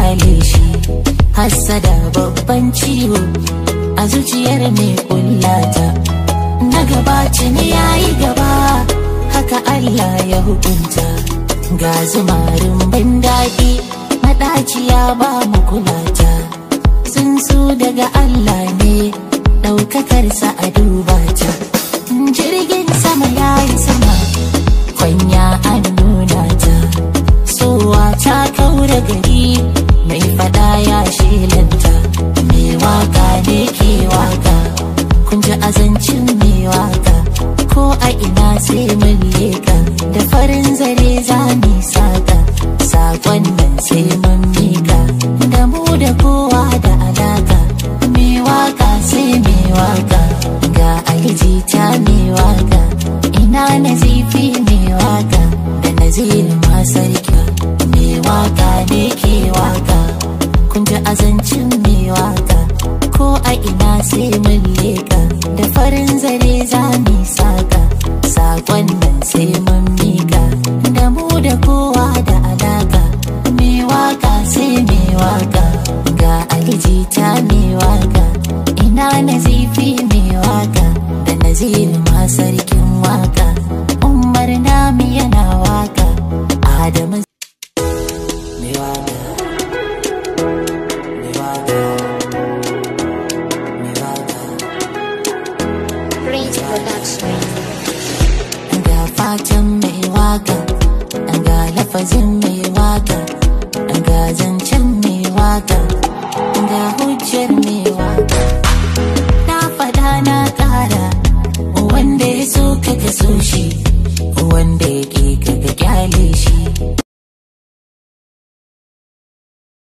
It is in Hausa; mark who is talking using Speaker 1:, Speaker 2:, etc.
Speaker 1: kyale shi hassada babban ciwo a zuciyar mai kullata na gaba ne yayi gaba haka Allah ya hukunta ga zumarin ban daɗi maɗaciya ba mu kulata sun su daga Allah ne ɗaukakarsa a duba ta jirgin sama yayi sama kwanya an nuna ta sowa ta kaura gari faɗa sai mun leka da farin zare za mu saka sakon nan sai mun mika da mu da kowa da alaka Mai waka sai me waka ga aliji ta mai waka ina nazifi mai waka da nazirin masarki Mai waka ne ke waka kun ji azancin mai waka ko a ina sai mun leka da farin zare za mu saka sakon nan sai mun mika da mu da kowa da alaka mai waka sai mai waka ga aljita mai waka ina nazifi mai waka da nazir ma sarkin waka umar nami yana waka adamu Production. fatan mai waka ga lafazin mai waka ga zancen mai waka ga hujjar mai waka na fada na kara wanda ya so ka so shi wanda ya ke ka kyale shi